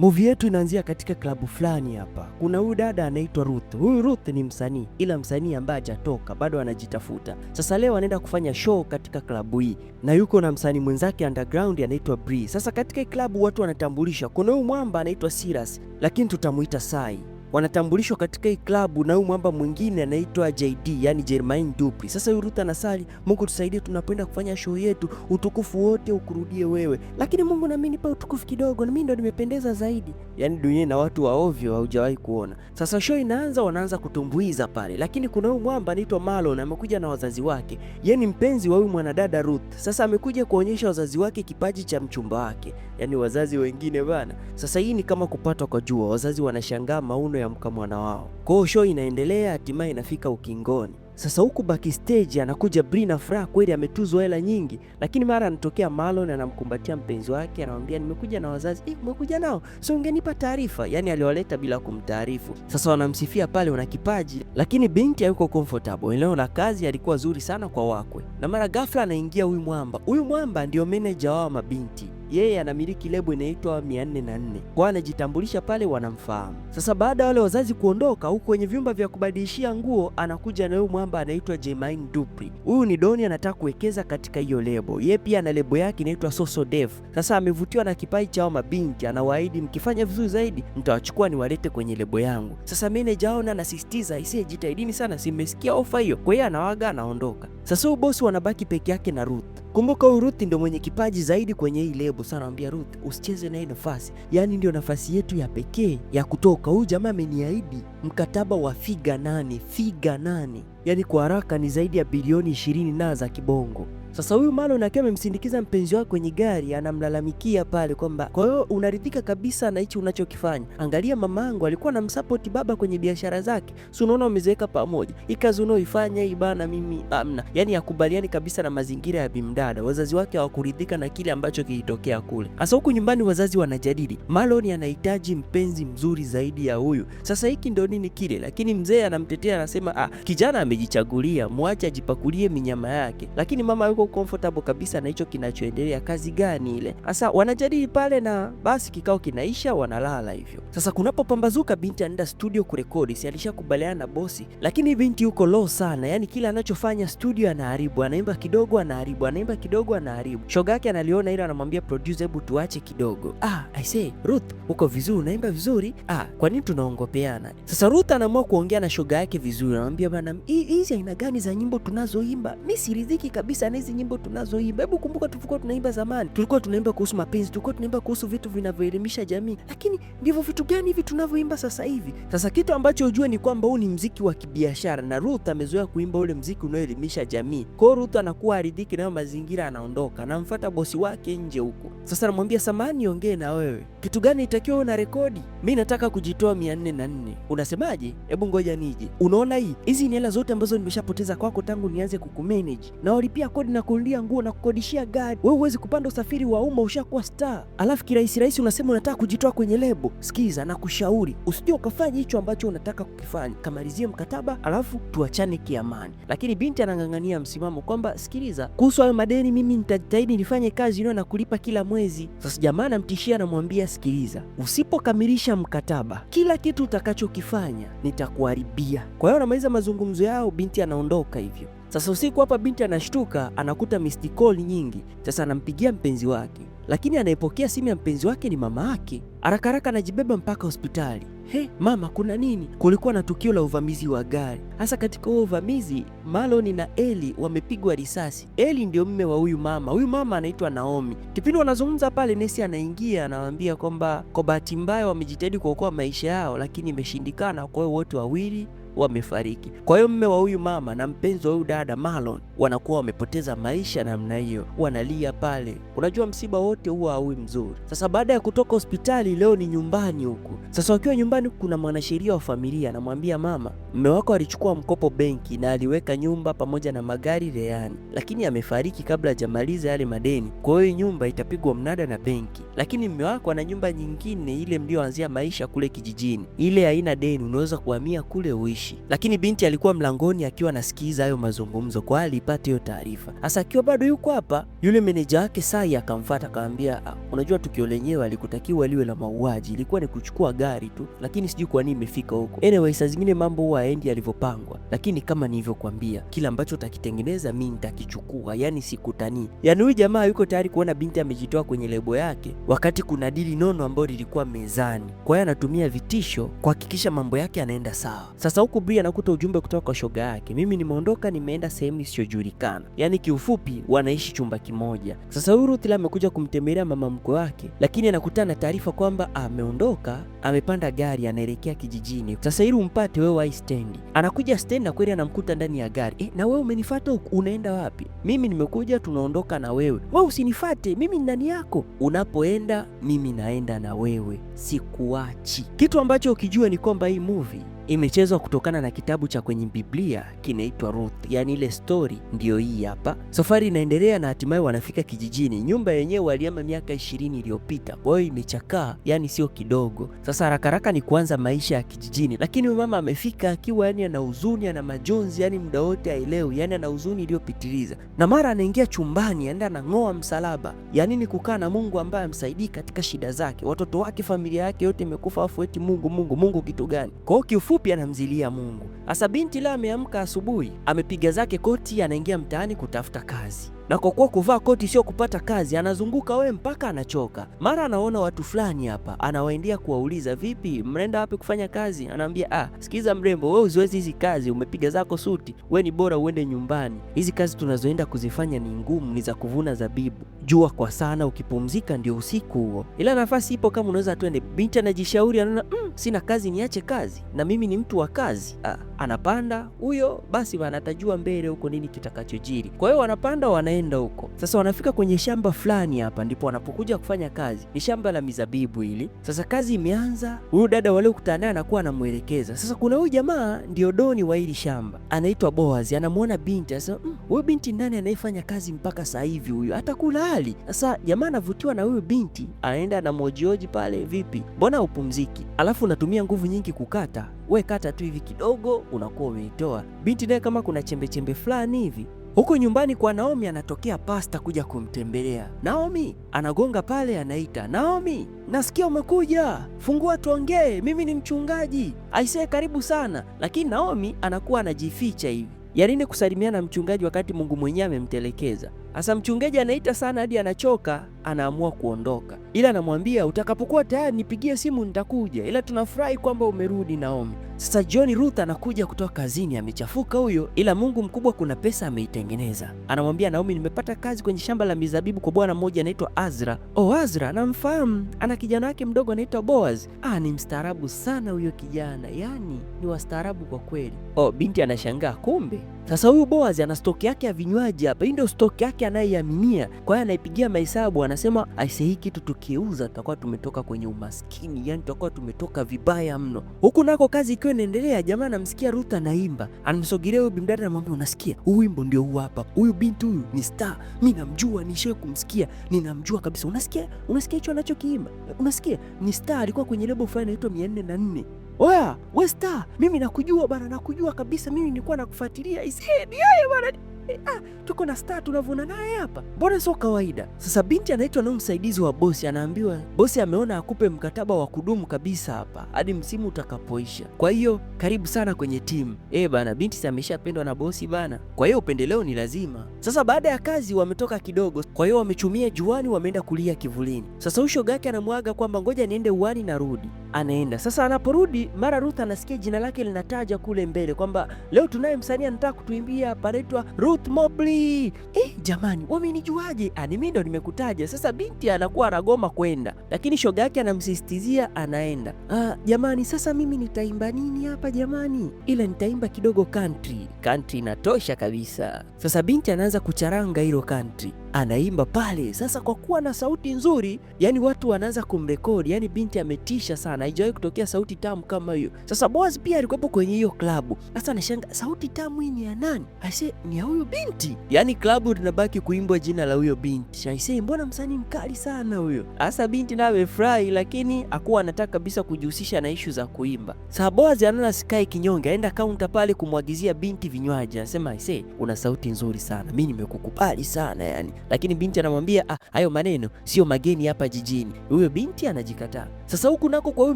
Movie yetu inaanzia katika klabu fulani hapa. Kuna huyu dada anaitwa Ruth. Huyu Ruth ni msanii, ila msanii ambaye hajatoka bado, anajitafuta. Sasa leo anaenda kufanya show katika klabu hii, na yuko na msanii mwenzake underground anaitwa Bree. Sasa katika klabu watu wanatambulisha, kuna huyu mwamba anaitwa Silas, lakini tutamuita Sai wanatambulishwa katika hii klabu na huyu mwamba mwingine anaitwa JD, yani Jermain Dupri. Sasa huyu Ruth anasali, Mungu tusaidie, tunapenda kufanya show yetu, utukufu wote ukurudie wewe, lakini Mungu nami nipa utukufu kidogo, mimi ndo nimependeza zaidi. Yani dunia na watu wa ovyo haujawahi kuona. Sasa show inaanza, wanaanza kutumbuiza pale, lakini kuna huyu mwamba anaitwa Marlon amekuja na wazazi wake, yeye ni mpenzi wa huyu mwanadada Ruth. Sasa amekuja kuonyesha wazazi wake kipaji cha mchumba wake, yani wazazi wengine bana. Sasa hii ni kama kupatwa kwa jua, wazazi wanashangaa mauno aliyoamka mwana wao. Kwa hiyo show inaendelea, hatimaye inafika ukingoni. Sasa huku backstage anakuja Brina Fra, kweli ametuzwa hela nyingi, lakini mara anatokea Marlon anamkumbatia mpenzi wake, anamwambia nimekuja na wazazi. Eh, umekuja nao? Sio ungenipa taarifa. Yani aliwaleta bila kumtaarifu. Sasa wanamsifia pale, una kipaji, lakini binti hayuko comfortable. Eneo la kazi alikuwa zuri sana kwa wakwe, na mara ghafla anaingia huyu mwamba. Huyu mwamba ndio meneja wao mabinti yeye anamiliki lebo inaitwa 404. Kwa anajitambulisha pale, wanamfahamu. Sasa baada ya wale wazazi kuondoka, huko kwenye vyumba vya kubadilishia nguo anakuja na huyu mwamba anaitwa Jemaine Dupri. Huyu ni doni anataka kuwekeza katika hiyo lebo. Yeye pia ana lebo yake inaitwa Soso Dev. Sasa amevutiwa na kipaji cha hao mabinti, anawaahidi mkifanya vizuri zaidi nitawachukua niwalete kwenye lebo yangu. Sasa meneja aona anasisitiza isiye, jitahidini sana, simesikia ofa hiyo. Kwa hiyo anawaga anaondoka. Sasa huyu bosi wanabaki peke yake na Ruth. Kumbuka huyu Ruth ndio mwenye kipaji zaidi kwenye hii lebo sana, anamwambia Ruth usicheze na hii nafasi, yaani ndio nafasi yetu ya pekee ya kutoka. Huyu jamaa ameniahidi mkataba wa figa nane, figa nane, yaani kwa haraka ni zaidi ya bilioni ishirini na za kibongo. Sasa huyu Marlon akiwa amemsindikiza mpenzi wake kwenye gari, anamlalamikia pale kwamba kwa hiyo unaridhika kabisa na hichi unachokifanya. Angalia mamangu alikuwa anamsupport baba kwenye biashara zake, si unaona umezeeka pamoja, hii kazi unaoifanya hii bana, mimi amna. Yani hakubaliani kabisa na mazingira ya bimdada. Wazazi wake hawakuridhika na kile ambacho kilitokea kule. Sasa huku nyumbani wazazi wanajadili, Marlon anahitaji mpenzi mzuri zaidi ya huyu. Sasa hiki ndio nini kile, lakini mzee anamtetea, anasema ah, kijana amejichagulia, muache ajipakulie minyama yake, lakini mama yuko hayuko comfortable kabisa na hicho kinachoendelea, kazi gani ile? Sasa wanajadili pale na basi kikao kinaisha, wanalala hivyo. Sasa kunapopambazuka, binti anaenda studio kurekodi, si alishakubaliana na bosi, lakini binti yuko low sana, yani kila anachofanya studio anaharibu, anaimba kidogo anaharibu, anaimba kidogo anaharibu. Shoga yake analiona ile, anamwambia producer, hebu tuache kidogo. Ah, I say Ruth, uko vizuri, unaimba vizuri. Ah, kwa nini tunaongopeana? Sasa Ruth anaamua kuongea na shoga yake vizuri, anamwambia bana, hizi aina gani za nyimbo tunazoimba? Mimi siridhiki kabisa na hizi hizi nyimbo tunazoimba, hebu kumbuka tulikuwa tunaimba zamani, tulikuwa tunaimba kuhusu mapenzi, tulikuwa tunaimba kuhusu vitu vinavyoelimisha jamii, lakini ndivyo vitu gani hivi tunavyoimba sasa hivi? Sasa kitu ambacho ujue ni kwamba huu ni mziki wa kibiashara, na Ruth amezoea kuimba ule mziki unaoelimisha jamii. Kwa hiyo Ruth anakuwa aridhiki nayo mazingira, anaondoka, anamfuata bosi wake nje huko. Sasa namwambia samani, ongee na wewe, kitu gani itakiwa una rekodi? Mimi nataka kujitoa mia nne na nne, unasemaje? Hebu ngoja nije. Unaona hii hizi ni hela zote ambazo nimeshapoteza kwako tangu nianze kukumanage na walipia kodi na nakununulia nguo na kukodishia gari, wewe huwezi kupanda usafiri wa umma, ushakuwa star. Alafu kirahisi rahisi unasema unataka kujitoa kwenye lebo. Sikiza na kushauri, usije ukafanya hicho ambacho unataka kukifanya. Kamalizie mkataba, alafu tuachane kiamani. Lakini binti anang'ang'ania msimamo kwamba sikiliza, kuhusu hayo madeni, mimi nitajitahidi nifanye kazi inayo na kulipa kila mwezi. Sasa jamaa namtishia, anamwambia sikiliza, usipokamilisha mkataba, kila kitu utakachokifanya nitakuharibia. Kwa hiyo anamaliza mazungumzo yao, binti anaondoka hivyo. Sasa usiku hapa binti anashtuka, anakuta missed call nyingi. Sasa anampigia mpenzi wake, lakini anayepokea simu ya mpenzi wake ni mama yake. Haraka haraka anajibeba mpaka hospitali. He, mama, kuna nini? Kulikuwa na tukio la uvamizi wa gari. Hasa katika huo uvamizi, Maloni na Eli wamepigwa risasi. Eli ndio mme wa huyu mama. Huyu mama anaitwa Naomi. Kipindi wanazungumza pale, nesi anaingia, anawaambia kwamba kwa bahati mbaya wamejitahidi kuokoa maisha yao, lakini imeshindikana. Kwa hiyo wote wawili wamefariki. Kwa hiyo mme wa huyu mama na mpenzi wa huyu dada Marlon wanakuwa wamepoteza maisha namna hiyo, wanalia pale. Unajua msiba wote huwa haui mzuri. Sasa baada ya kutoka hospitali, leo ni nyumbani huku. Sasa wakiwa nyumbani, kuna mwanasheria wa familia anamwambia mama, mme wako alichukua mkopo benki na aliweka nyumba pamoja na magari rehani, lakini amefariki kabla hajamaliza yale madeni. Kwa hiyo nyumba itapigwa mnada na benki, lakini mme wako ana nyumba nyingine ile mlioanzia maisha kule kijijini, ile haina deni, unaweza kuhamia kule uishi mazishi, lakini binti alikuwa mlangoni akiwa anasikiza hayo mazungumzo, kwa alipata hiyo taarifa. Sasa akiwa bado yuko hapa, yule meneja wake Sai akamfuata akamwambia, ah, unajua tukio lenyewe alikutakiwa liwe la mauaji, ilikuwa ni kuchukua gari tu, lakini sijui kwa nini imefika huko. Anyway, saa zingine mambo huwa aendi alivyopangwa, lakini kama nilivyokuambia, kila ambacho utakitengeneza mimi nitakichukua, yani sikutani Yani huyu jamaa yuko tayari kuona binti amejitoa kwenye lebo yake, wakati kuna dili nono ambayo lilikuwa mezani. Kwa hiyo anatumia vitisho kuhakikisha mambo yake anaenda sawa. Sasa huku Bri anakuta ujumbe kutoka kwa shoga yake, mimi nimeondoka, nimeenda sehemu isiyojulikana. Yaani kiufupi wanaishi chumba kimoja. Sasa huyu Ruth amekuja kumtembelea mama mkwe wake, lakini anakutana na taarifa kwamba ameondoka, amepanda gari anaelekea kijijini. Sasa ili umpate wewe ai stendi, anakuja stendi na kweli anamkuta ndani ya gari. E, na wewe umenifata, unaenda wapi? Mimi nimekuja, tunaondoka na wewe. Wewe usinifate, mimi ndani yako? Unapoenda mimi naenda na wewe, sikuachi. Kitu ambacho ukijua ni kwamba hii movie imechezwa kutokana na kitabu cha kwenye Biblia kinaitwa Ruth, yaani ile story ndiyo hii hapa. Safari inaendelea na hatimaye wanafika kijijini. Nyumba yenyewe walihama miaka ishirini iliyopita, kwa hiyo imechakaa, yani sio kidogo. Sasa haraka haraka ni kuanza maisha ya kijijini, lakini huyu mama amefika akiwa yani ana huzuni, ana majonzi, yani muda wote aelewi, yani ana huzuni iliyopitiliza, na mara anaingia chumbani, enda yaani anang'oa msalaba. Yani ni kukaa na Mungu ambaye amsaidii katika shida zake, watoto wake, familia yake yote imekufa, afu eti Mungu Mungu Mungu kitu gani? Kwa hiyo fupi anamzilia Mungu. Asa binti la ameamka asubuhi, amepiga zake koti, anaingia mtaani kutafuta kazi na kwa kuwa kuvaa koti sio kupata kazi, anazunguka we mpaka anachoka. Mara anaona watu fulani hapa, anawaendea kuwauliza, vipi, mnaenda wapi kufanya kazi? Anaambia, ah, sikiza mrembo, we uziwezi hizi kazi, umepiga zako suti, we ni bora uende nyumbani. Hizi kazi tunazoenda kuzifanya ni ngumu, ni za kuvuna zabibu, jua kwa sana, ukipumzika ndio usiku huo, ila nafasi ipo, kama unaweza tuende. Binti anajishauri, anaona mm, sina kazi, niache kazi, na mimi ni mtu wa kazi. Ah, anapanda huyo, basi wanatajua mbele huko nini kitakachojiri. Kwa hiyo wanapanda wana wanaenda huko. Sasa wanafika kwenye shamba fulani, hapa ndipo wanapokuja kufanya kazi. Ni shamba la mizabibu hili. Sasa kazi imeanza, huyu dada waliokutana naye anakuwa anamwelekeza. Sasa kuna huyu jamaa ndio doni wa hili shamba, anaitwa Boazi, anamwona binti sasa, mm, huyu mm, binti nani anayefanya kazi mpaka sasa hivi, huyu hata kula hali. Sasa jamaa anavutiwa na huyu binti, aenda na mojioji pale, vipi, mbona upumziki, alafu unatumia nguvu nyingi kukata, we kata tu hivi kidogo, unakuwa umeitoa. Binti naye kama kuna chembe chembe fulani hivi huko nyumbani kwa Naomi anatokea pasta kuja kumtembelea. Naomi anagonga pale, anaita Naomi, nasikia umekuja, fungua tuongee, mimi ni mchungaji. Aisee, karibu sana. Lakini Naomi anakuwa anajificha hivi, yaani kusalimiana na mchungaji wakati Mungu mwenyewe amemtelekeza. hasa mchungaji anaita sana hadi anachoka anaamua kuondoka, ila anamwambia utakapokuwa tayari nipigie simu nitakuja, ila tunafurahi kwamba umerudi Naomi. Sasa John Ruth anakuja kutoka kazini, amechafuka huyo, ila Mungu mkubwa, kuna pesa ameitengeneza. Anamwambia Naomi, nimepata kazi kwenye shamba la mizabibu kwa bwana mmoja anaitwa Azra. Oh, Azra namfahamu, ana kijana wake mdogo anaitwa Boaz. Ah, ni mstaarabu sana huyo kijana, yani ni wastaarabu kwa kweli. Oh, binti anashangaa kumbe sasa huyu Boaz ana stoki yake ya vinywaji hapa, hii ndio stoki yake anayeaminia. Kwa hiyo anaipigia mahesabu anasema aise, hii kitu tukiuza tutakuwa tumetoka kwenye umaskini, yani tutakuwa tumetoka vibaya mno. Huku nako kazi ikiwa inaendelea, jamaa anamsikia Ruth anaimba, anamsogelea huyu bimdada, anamwambia unasikia, huu wimbo ndio huu hapa, huyu binti huyu ni star, mi namjua, nishawe kumsikia, ninamjua kabisa. Unasikia, unasikia hicho anachokiimba, unasikia ni star, alikuwa kwenye lebo fulani inaitwa mia nne na nne. Oya we star, mimi nakujua bana, nakujua kabisa, mimi nilikuwa nakufuatilia. Isee ni yeye bana. Eh, ah, tuko na star tunavuna naye hapa, mbona sio kawaida? Sasa binti anaitwa na msaidizi wa bosi, anaambiwa bosi ameona akupe mkataba wa kudumu kabisa hapa hadi msimu utakapoisha. Kwa hiyo karibu sana kwenye timu. Eh bana, binti ameshapendwa na bosi bana, kwa hiyo upendeleo ni lazima. Sasa baada ya kazi wametoka kidogo, kwa hiyo wamechumia juani, wameenda kulia kivulini. Sasa ushogake anamwaga kwamba ngoja niende uani na rudi, anaenda sasa. Anaporudi mara Ruth anasikia jina lake linataja kule mbele kwamba leo tunaye msanii anataka kutuimbia, panaitwa Ruth Mobley. Eh, jamani wamenijuaje? Ani ah, mimi ndo nimekutaja. Sasa binti anakuwa anagoma kwenda, lakini shoga yake anamsisitizia anaenda. Ah, jamani sasa mimi nitaimba nini hapa jamani? Ila nitaimba kidogo country. Country inatosha kabisa. Sasa binti anaanza kucharanga hilo country anaimba pale. Sasa kwa kuwa na sauti nzuri, yani watu wanaanza kumrekodi, yani binti ametisha sana, haijawahi kutokea sauti tamu kama hiyo. Sasa Boaz pia alikuwepo kwenye hiyo klabu. Sasa anashanga sauti tamu hii ni ya nani? Aise, ni ya huyo binti. Yani klabu linabaki kuimbwa jina la huyo binti. Aise, mbona msanii mkali sana huyo. Sasa binti naye amefurahi, lakini akuwa anataka kabisa kujihusisha na ishu za kuimba. Sasa Boaz anaona sikai kinyonge, aenda kaunta pale kumwagizia binti vinywaji, anasema aise, una sauti nzuri sana, mi nimekukubali sana yani lakini binti anamwambia ah, hayo maneno sio mageni hapa jijini. Huyo binti anajikataa. Sasa huku nako kwa huyu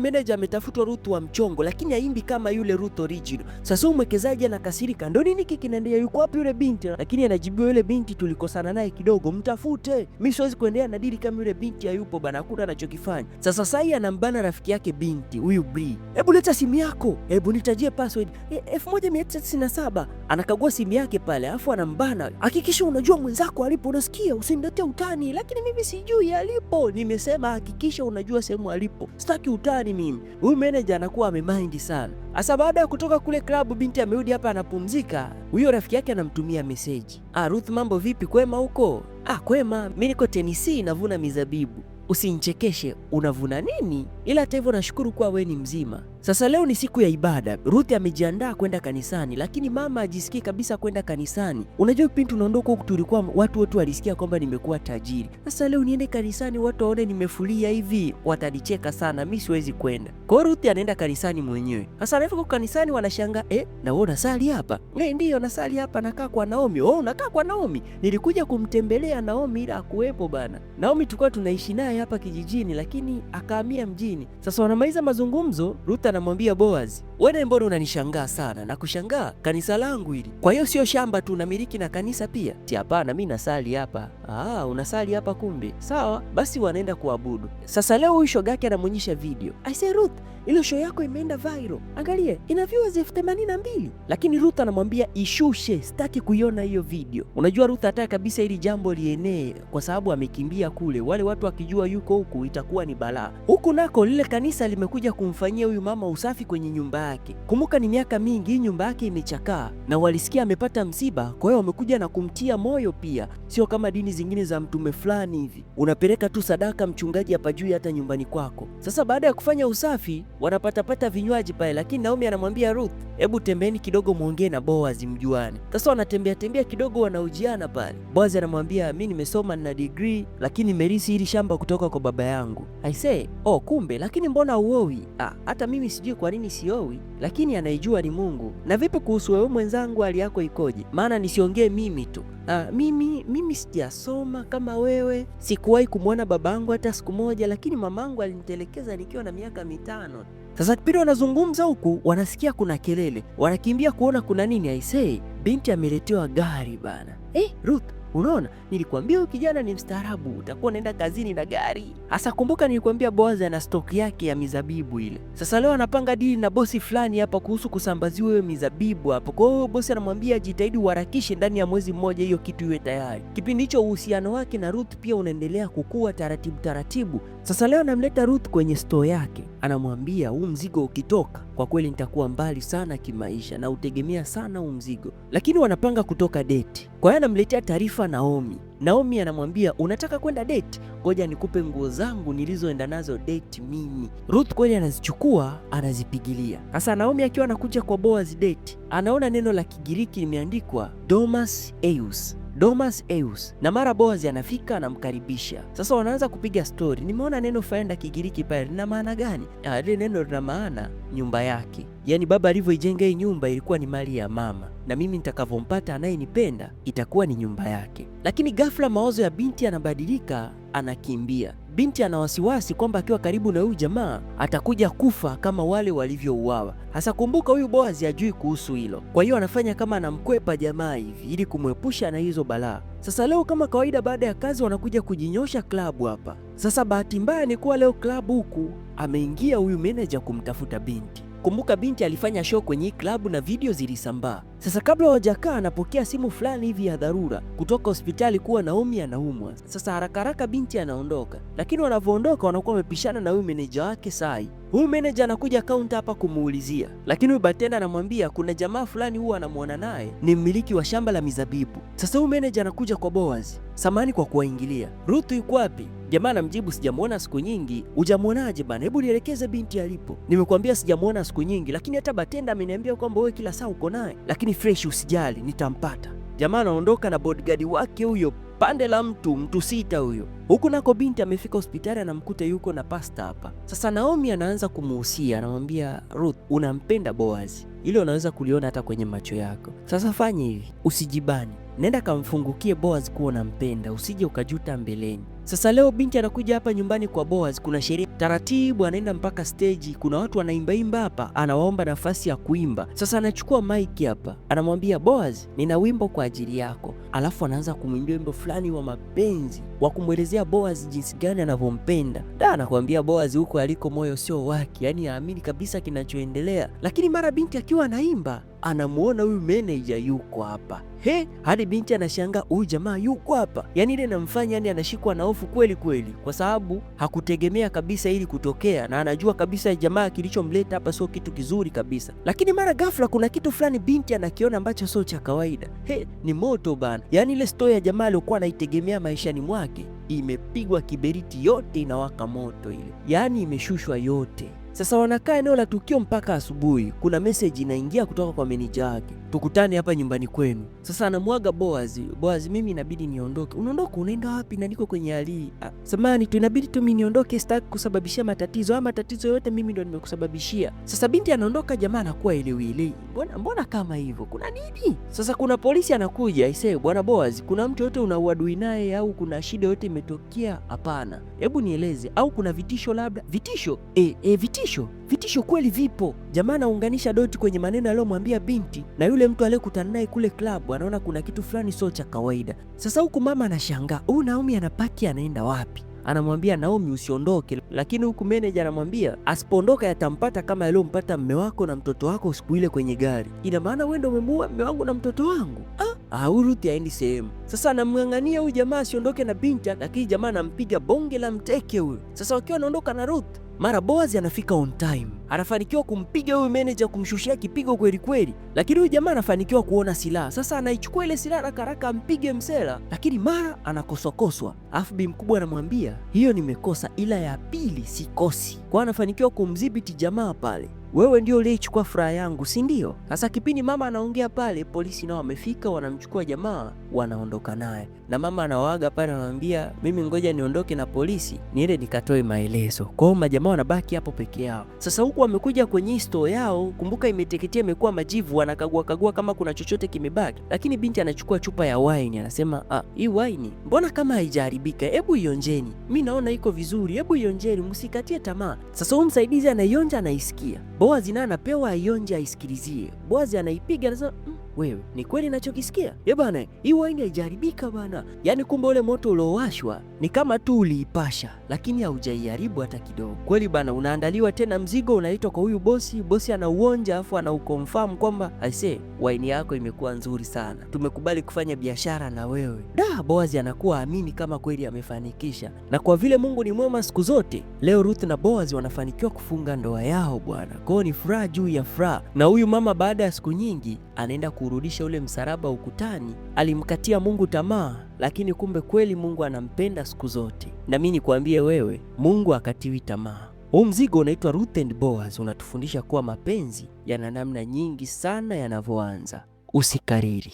manager ametafutwa Ruth wa mchongo, lakini haimbi kama yule Ruth original. Sasa huyu mwekezaji anakasirika, ndio nini hiki kinaendelea? Yuko wapi yule binti? Lakini anajibiwa yule binti tulikosana naye kidogo, mtafute. Mimi siwezi kuendelea na dili kama yule binti hayupo bana, hakuna anachokifanya. Sasa sai anambana rafiki yake binti huyu Bri, hebu leta simu yako, hebu nitajie password 1997. E, Anakagua simu yake pale, afu anambana, hakikisha unajua mwenzako alipo, unasikia? Usiniletee utani, lakini mimi sijui alipo. Nimesema hakikisha unajua sehemu alipo hapo, sitaki utani mimi. Huyu meneja anakuwa amemind sana. Asa baada ya kutoka kule klabu, binti amerudi hapa anapumzika. Huyo rafiki yake anamtumia meseji, ah, Ruth, mambo vipi, kwema huko? Ah, kwema, mi niko Tennessee navuna mizabibu. usinchekeshe unavuna nini? Ila hata hivyo nashukuru kuwa we ni mzima. Sasa leo ni siku ya ibada. Ruth amejiandaa kwenda kanisani, lakini mama ajisikii kabisa kwenda kanisani. Unajua kipindi tunaondoka huku, tulikuwa watu wote walisikia kwamba nimekuwa tajiri. Sasa leo niende kanisani, watu waone nimefulia hivi, watanicheka sana, mi siwezi kwenda. Kwa hiyo Ruth anaenda kanisani mwenyewe. Sasa anafika kanisani, wanashangaa eh, na wewe unasali hapa? Eh, ndio nasali hapa, nakaa kwa Naomi. Oh, unakaa kwa Naomi, nilikuja kumtembelea Naomi ila akuwepo bana. Naomi tulikuwa tunaishi naye hapa kijijini, lakini akahamia mjini. Sasa wanamaliza mazungumzo Ruth na Mambia Boas Wewe mbona unanishangaa sana na kushangaa kanisa langu hili? Kwa hiyo sio shamba tu unamiliki na kanisa pia? Ti, hapana, mi nasali hapa. Ah, unasali hapa kumbe. Sawa basi, wanaenda kuabudu sasa. Leo huyu shogake anamwonyesha video. I say Ruth, ile show yako imeenda viral, angalie ina viewers elfu themanini na mbili. Lakini Ruth anamwambia ishushe, sitaki kuiona hiyo video. Unajua Ruth hataka kabisa ili jambo lienee, kwa sababu amekimbia kule. Wale watu wakijua yuko huku itakuwa ni balaa. Huku nako lile kanisa limekuja kumfanyia huyu mama usafi kwenye nyumba yake. Kumbuka ni miaka mingi hii nyumba yake imechakaa, na walisikia amepata msiba, kwa hiyo wamekuja na kumtia moyo pia. Sio kama dini zingine za mtume fulani hivi, unapeleka tu sadaka, mchungaji hapa juu hata nyumbani kwako. Sasa baada ya kufanya usafi, wanapatapata vinywaji pale, lakini Naomi anamwambia Ruth, hebu tembeeni kidogo, mwongee na Boaz mjuane. Sasa wanatembea tembea kidogo, wanaujiana pale. Boaz anamwambia mimi nimesoma, na degree, lakini nimerisi hili shamba kutoka kwa baba yangu. I say, oh kumbe, lakini mbona uowi? Ah, hata mimi sijui kwa nini siowi hajui, lakini anaijua ni Mungu. Na vipi kuhusu wewe mwenzangu, hali yako ikoje? Maana nisiongee mimi tu. Ah, mimi mimi sijasoma kama wewe, sikuwahi kumwona babangu hata siku moja, lakini mamangu alinitelekeza nikiwa na miaka mitano. Sasa kipindi wanazungumza huku, wanasikia kuna kelele, wanakimbia kuona kuna nini. Aisee, binti ameletewa gari bana. Eh, Ruth, unaona nilikwambia huyu kijana ni mstaarabu, utakuwa unaenda kazini na gari. Hasa kumbuka nilikwambia Boazi ana stock yake ya mizabibu ile. Sasa leo anapanga dili na bosi fulani hapa kuhusu kusambaziwa hiyo mizabibu hapo. Kwa hiyo bosi anamwambia jitahidi uharakishe ndani ya mwezi mmoja hiyo kitu iwe tayari. Kipindi hicho uhusiano wake na Ruth pia unaendelea kukua taratibu taratibu. Sasa leo anamleta Ruth kwenye store yake, anamwambia huu mzigo ukitoka kwa kweli nitakuwa mbali sana kimaisha na utegemea sana huu mzigo. Lakini wanapanga kutoka deti, kwa hiyo anamletea taarifa Naomi. Naomi anamwambia unataka kwenda deti, ngoja nikupe nguo zangu nilizoenda nazo deti mimi. Ruth kweli anazichukua anazipigilia. Sasa Naomi akiwa anakuja kwa Boaz deti, anaona neno la Kigiriki limeandikwa domas eus Domas Eus, na mara Boaz anafika anamkaribisha. Sasa wanaanza kupiga stori, nimeona neno faenda Kigiriki pale lina maana gani? Ah, lile neno lina maana nyumba yake, yaani baba alivyoijenga hii nyumba ilikuwa ni mali ya mama, na mimi nitakavyompata anayenipenda itakuwa ni nyumba yake. Lakini ghafla mawazo ya binti yanabadilika, anakimbia binti ana wasiwasi kwamba akiwa karibu na huyu jamaa atakuja kufa kama wale walivyouawa. Hasa kumbuka, huyu Boazi ajui kuhusu hilo, kwa hiyo anafanya kama anamkwepa jamaa hivi ili kumwepusha na hizo balaa. Sasa leo kama kawaida, baada ya kazi wanakuja kujinyosha klabu hapa. Sasa bahati mbaya ni kuwa leo klabu huku ameingia huyu meneja kumtafuta binti. Kumbuka binti alifanya show kwenye hii klabu na video zilisambaa. Sasa kabla hawajakaa anapokea simu fulani hivi ya dharura kutoka hospitali kuwa Naomi anaumwa. Sasa haraka haraka binti anaondoka, lakini wanavyoondoka wanakuwa wamepishana na huyu meneja wake Sai. Huyu meneja anakuja kaunta hapa kumuulizia, lakini huyu batenda anamwambia kuna jamaa fulani huwa anamwona naye ni mmiliki wa shamba la mizabibu. Sasa huyu meneja anakuja kwa Boaz, samani kwa kuwaingilia. Ruth yuko wapi? Jamaa anamjibu sijamwona siku nyingi. Hujamwonaje bana? Hebu nielekeze binti alipo. Nimekuambia sijamwona siku nyingi, lakini hata batenda ameniambia kwamba wewe kila saa uko naye, lakini freshi fresh, usijali, nitampata. Jamaa anaondoka na bodyguard wake huyo, pande la mtu mtu sita huyo. Huku nako binti amefika hospitali, anamkuta yuko na pasta hapa. Sasa Naomi anaanza kumuhusia, anamwambia Ruth, unampenda Boazi hilo unaweza kuliona hata kwenye macho yako. Sasa fanye hivi, usijibani, nenda kamfungukie Boaz kuwa unampenda, usije ukajuta mbeleni. Sasa leo binti anakuja hapa nyumbani kwa Boaz, kuna sherehe, taratibu anaenda mpaka steji, kuna watu wanaimbaimba hapa, anawaomba nafasi ya kuimba. Sasa anachukua maiki hapa, anamwambia Boaz, nina wimbo kwa ajili yako, alafu anaanza kumwimbia wimbo fulani wa mapenzi wa kumwelezea Boaz jinsi gani anavyompenda. Da, anakuambia Boaz huko aliko moyo sio wake, yaani aamini kabisa kinachoendelea, lakini mara binti akiwa anaimba anamuona huyu meneja yuko hapa he, hadi binti anashangaa huyu jamaa yuko hapa. Yani ile namfanya, yani anashikwa na hofu kweli kweli, kwa sababu hakutegemea kabisa ili kutokea, na anajua kabisa jamaa kilichomleta hapa sio kitu kizuri kabisa. Lakini mara ghafla kuna kitu fulani binti anakiona ambacho sio cha kawaida. He, ni moto bana! Yani ile stori ya jamaa aliyokuwa anaitegemea maishani mwake imepigwa kiberiti, yote inawaka moto ile, yani imeshushwa yote. Sasa wanakaa eneo la tukio mpaka asubuhi. Kuna message inaingia kutoka kwa manager wake, tukutane hapa nyumbani kwenu. Sasa anamwaga Boaz, Boaz, mimi inabidi niondoke. Unaondoka unaenda wapi? na niko kwenye hali ah, samani tu, inabidi tu mimi niondoke, sitaki kusababishia matatizo, ama matatizo yote mimi ndo nimekusababishia. Sasa binti anaondoka, jamaa anakuwa elewile, mbona mbona kama hivyo, kuna nini? Sasa kuna polisi anakuja, aisee, bwana Boaz, kuna mtu yote una uadui naye au kuna shida yote imetokea? Hapana, hebu nieleze, au kuna vitisho labda? Vitisho eh, e, vitisho vitisho, vitisho kweli vipo. Jamaa anaunganisha doti kwenye maneno aliyomwambia binti na yule mtu aliyekutana naye kule klabu, anaona kuna kitu fulani sio cha kawaida. Sasa huku mama anashangaa, huyu Naomi anapaki anaenda wapi? Anamwambia Naomi usiondoke, lakini huku meneja anamwambia asipoondoka yatampata kama yaliyompata mme wako na mtoto wako siku ile kwenye gari. Ina maana wewe ndio umemuua mme wangu na mtoto wangu ah? Ruth aendi sehemu. Sasa anamng'ang'ania huyu jamaa asiondoke na binti, lakini jamaa anampiga bonge la mteke huyo. Sasa wakiwa anaondoka na Ruth, mara Boaz anafika on time, anafanikiwa kumpiga huyu meneja, kumshushia kipigo kweli kweli, lakini huyu jamaa anafanikiwa kuona silaha. Sasa anaichukua ile silaha haraka haraka ampige msela, lakini mara anakoswakoswa, alafu bi mkubwa anamwambia hiyo nimekosa, ila ya pili sikosi. Kwa anafanikiwa kumdhibiti jamaa pale wewe ndio uliyechukua furaha yangu, si ndio? Sasa kipindi mama anaongea pale, polisi nao wamefika, wanamchukua jamaa, wanaondoka naye, na mama anawaaga pale, anamwambia mimi ngoja niondoke na polisi, niende nikatoe maelezo. Kwa hiyo majamaa wanabaki hapo peke yao. Sasa huku wamekuja kwenye store yao, kumbuka imeteketea, imekuwa majivu, wanakagua kagua kama kuna chochote kimebaki, lakini binti anachukua chupa ya wine, anasema ah, hii wine mbona kama haijaharibika, hebu ionjeni, mi naona iko vizuri, hebu ionjeni, msikatie tamaa. Sasa huyu msaidizi anaionja, anaisikia Boaz naye anapewa aionje aisikilizie. Boaz anaipiga anasema, mm, wewe ni kweli nachokisikia? Ye bana, hii waini haijaharibika bana. Yaani kumbe ule moto uliowashwa ni kama tu uliipasha, lakini haujaiharibu hata kidogo. Kweli bana, unaandaliwa tena, mzigo unaitwa kwa huyu bosi, bosi anauonja afu anaukonfirm kwamba aise, waini yako imekuwa nzuri sana, tumekubali kufanya biashara na wewe. Da, Boazi anakuwa amini kama kweli amefanikisha, na kwa vile Mungu ni mwema siku zote, leo Ruth na Boazi wanafanikiwa kufunga ndoa yao bwana, kwao ni furaha juu ya furaha. Na huyu mama baada ya siku nyingi anaenda kurudisha ule msalaba ukutani. Alimkatia Mungu tamaa, lakini kumbe kweli Mungu anampenda siku zote. Na mimi nikwambie wewe, Mungu akatiwi tamaa. Huu mzigo unaitwa Ruth and Boaz unatufundisha kuwa mapenzi yana namna nyingi sana yanavyoanza. Usikariri.